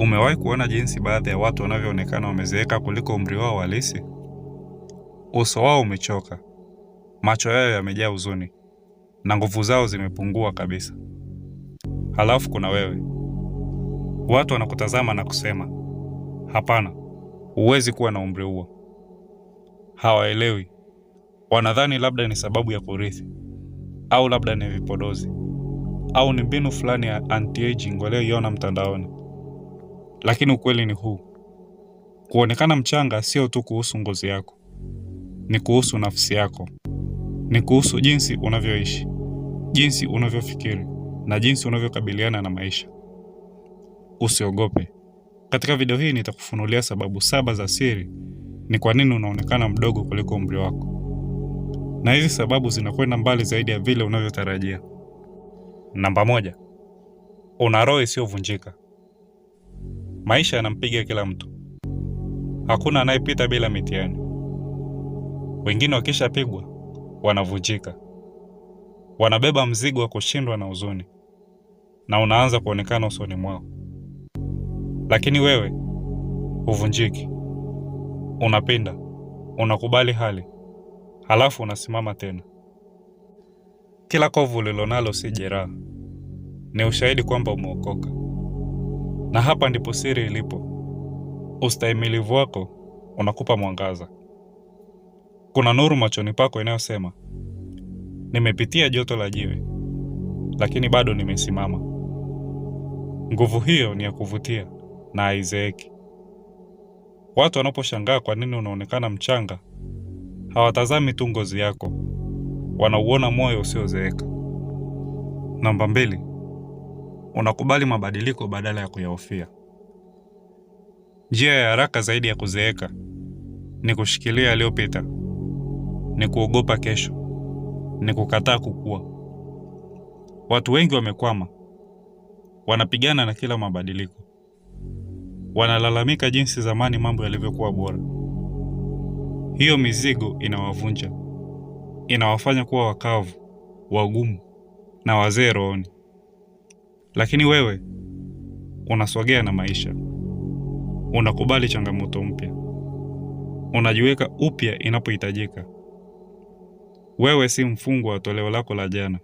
Umewahi kuona jinsi baadhi ya watu wanavyoonekana wamezeeka kuliko umri wao halisi? Uso wao umechoka, macho yao yamejaa huzuni, na nguvu zao zimepungua kabisa. Halafu kuna wewe. Watu wanakutazama na kusema, hapana, huwezi kuwa na umri huo. Hawaelewi, wanadhani labda ni sababu ya kurithi, au labda ni vipodozi, au ni mbinu fulani ya anti-aging walioiona mtandaoni. Lakini ukweli ni huu: kuonekana mchanga sio tu kuhusu ngozi yako, ni kuhusu nafsi yako, ni kuhusu jinsi unavyoishi, jinsi unavyofikiri na jinsi unavyokabiliana na maisha. Usiogope. Katika video hii nitakufunulia sababu saba za siri ni kwa nini unaonekana mdogo kuliko umri wako, na hizi sababu zinakwenda mbali zaidi ya vile unavyotarajia. Namba moja: una roho isiyovunjika. Maisha yanampiga kila mtu, hakuna anayepita bila mitihani. Wengine wakishapigwa wanavunjika, wanabeba mzigo wa kushindwa na huzuni, na unaanza kuonekana usoni mwao. Lakini wewe huvunjiki, unapinda, unakubali hali, halafu unasimama tena. Kila kovu ulilonalo si jeraha, ni ushahidi kwamba umeokoka. Na hapa ndipo siri ilipo. Ustahimilivu wako unakupa mwangaza. Kuna nuru machoni pako inayosema, nimepitia joto la jiwe, lakini bado nimesimama. Nguvu hiyo ni ya kuvutia na haizeeki. Watu wanaposhangaa kwa nini unaonekana mchanga, hawatazami tu ngozi yako, wanauona moyo usiozeeka. Namba mbili unakubali mabadiliko badala ya kuyahofia. Njia ya haraka zaidi ya kuzeeka ni kushikilia yaliyopita, ni kuogopa kesho, ni kukataa kukua. Watu wengi wamekwama, wanapigana na kila mabadiliko, wanalalamika jinsi zamani mambo yalivyokuwa bora. Hiyo mizigo inawavunja, inawafanya kuwa wakavu, wagumu na wazee rohoni lakini wewe unasogea na maisha, unakubali changamoto mpya, unajiweka upya inapohitajika. Wewe si mfungwa wa toleo lako la jana.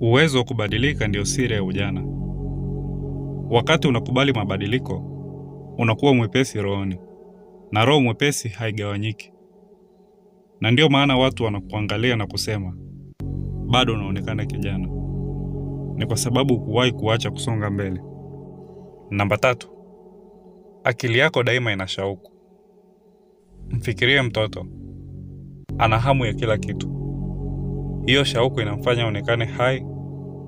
Uwezo wa kubadilika ndio siri ya ujana. Wakati unakubali mabadiliko, unakuwa mwepesi rohoni, na roho mwepesi haigawanyiki. Na ndio maana watu wanakuangalia na kusema, bado unaonekana kijana ni kwa sababu hukuwahi kuacha kusonga mbele. Namba tatu, akili yako daima ina shauku. Mfikirie mtoto ana hamu ya kila kitu. Hiyo shauku inamfanya aonekane hai,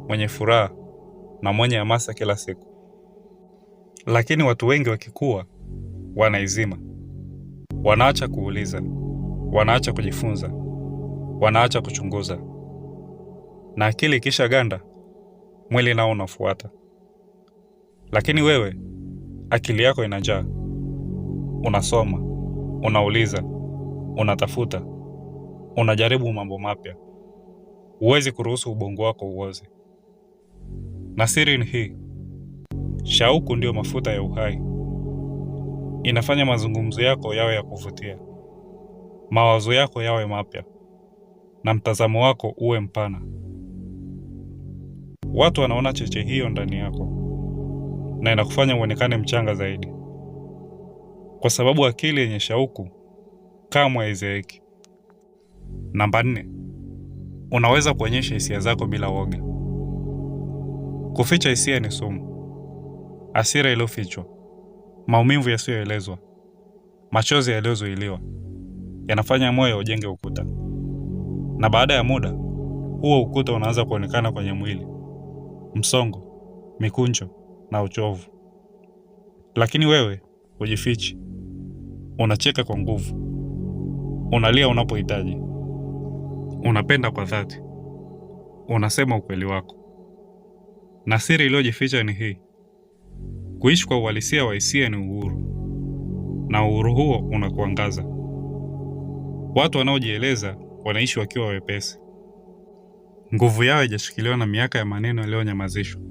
mwenye furaha na mwenye hamasa kila siku, lakini watu wengi wakikua wanaizima, wanaacha kuuliza, wanaacha kujifunza, wanaacha kuchunguza, na akili ikisha ganda mwili nao unafuata. Lakini wewe akili yako ina njaa, unasoma, unauliza, unatafuta, unajaribu mambo mapya. Huwezi kuruhusu ubongo wako uoze. Na siri ni hii: shauku ndiyo mafuta ya uhai. Inafanya mazungumzo yako yawe ya kuvutia, mawazo yako yawe mapya, na mtazamo wako uwe mpana watu wanaona cheche hiyo ndani yako na inakufanya uonekane mchanga zaidi, kwa sababu akili yenye shauku kamwe haizeeki. Namba nne, unaweza kuonyesha hisia zako bila woga. Kuficha hisia ni sumu. Hasira iliyofichwa, maumivu yasiyoelezwa, machozi yaliyozuiliwa yanafanya moyo ujenge ukuta, na baada ya muda huo ukuta unaanza kuonekana kwenye mwili msongo, mikunjo na uchovu. Lakini wewe hujifichi, unacheka kwa nguvu, unalia unapohitaji, unapenda kwa dhati, unasema ukweli wako. Na siri iliyojificha ni hii: kuishi kwa uhalisia wa hisia ni uhuru, na uhuru huo unakuangaza. Watu wanaojieleza wanaishi wakiwa wepesi, Nguvu yao haijashikiliwa na miaka ya maneno yaliyonyamazishwa,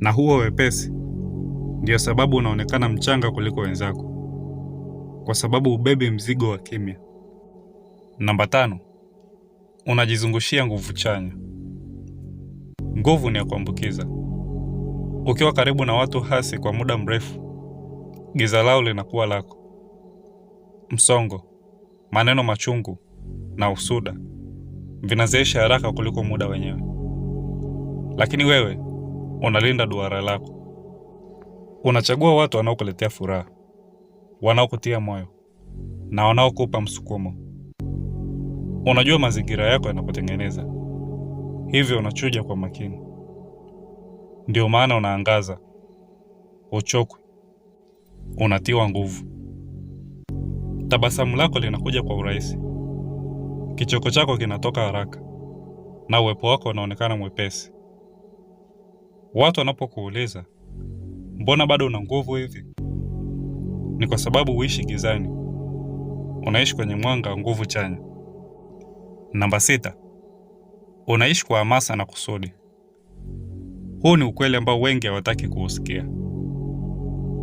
na huo wepesi ndio sababu unaonekana mchanga kuliko wenzako, kwa sababu ubebi mzigo wa kimya. Namba tano, unajizungushia nguvu chanya. Nguvu ni ya kuambukiza. Ukiwa karibu na watu hasi kwa muda mrefu, giza lao linakuwa lako. Msongo, maneno machungu na usuda vinazeesha haraka kuliko muda wenyewe. Lakini wewe unalinda duara lako, unachagua watu wanaokuletea furaha, wanaokutia moyo na wanaokupa msukumo. Unajua mazingira yako yanakutengeneza, hivyo unachuja kwa makini. Ndio maana unaangaza, uchokwe, unatiwa nguvu, tabasamu lako linakuja kwa urahisi kichoko chako kinatoka haraka na uwepo wako unaonekana mwepesi. Watu wanapokuuliza mbona bado una nguvu hivi, ni kwa sababu huishi gizani, unaishi kwenye mwanga wa nguvu chanya. Namba sita, unaishi kwa hamasa na kusudi. Huu ni ukweli ambao wengi hawataki kuusikia.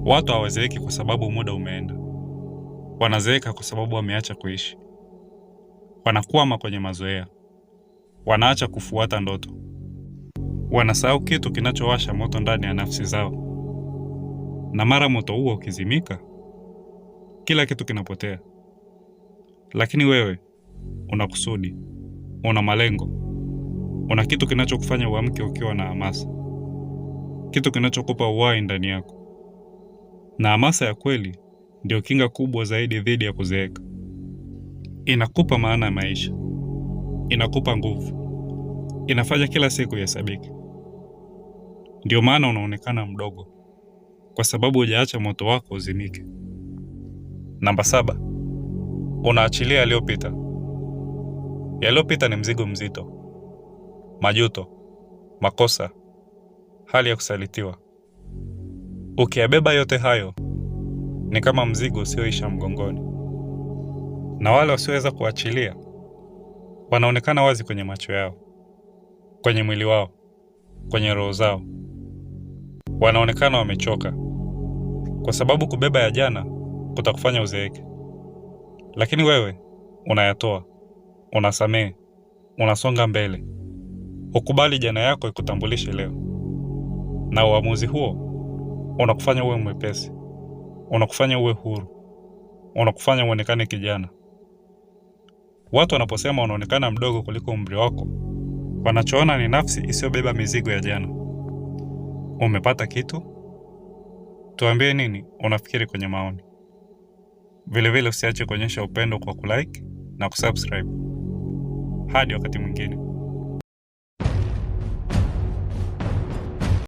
Watu hawazeeki kwa sababu muda umeenda, wanazeeka kwa sababu wameacha kuishi wanakwama kwenye mazoea, wanaacha kufuata ndoto, wanasahau kitu kinachowasha moto ndani ya nafsi zao, na mara moto huo ukizimika, kila kitu kinapotea. Lakini wewe una kusudi, una malengo, una kitu kinachokufanya uamke ukiwa na hamasa, kitu kinachokupa uhai ndani yako, na hamasa ya kweli ndio kinga kubwa zaidi dhidi ya kuzeeka inakupa maana ya maisha, inakupa nguvu, inafanya kila siku ihesabike. Ndio maana unaonekana mdogo, kwa sababu hujaacha moto wako uzimike. Namba saba, unaachilia yaliyopita. Yaliyopita ni mzigo mzito: majuto, makosa, hali ya kusalitiwa. Ukiyabeba yote hayo, ni kama mzigo usioisha mgongoni na wale wasioweza kuachilia wanaonekana wazi kwenye macho yao, kwenye mwili wao, kwenye roho zao. Wanaonekana wamechoka, kwa sababu kubeba ya jana kutakufanya uzeeke, lakini wewe unayatoa, unasamehe, unasonga mbele. Ukubali jana yako ikutambulishe leo, na uamuzi huo unakufanya uwe mwepesi, unakufanya uwe huru, unakufanya uonekane kijana. Watu wanaposema unaonekana mdogo kuliko umri wako, wanachoona ni nafsi isiyobeba mizigo ya jana. Umepata kitu? Tuambie nini unafikiri kwenye maoni. Vilevile usiache kuonyesha upendo kwa kulike na kusubscribe. Hadi wakati mwingine.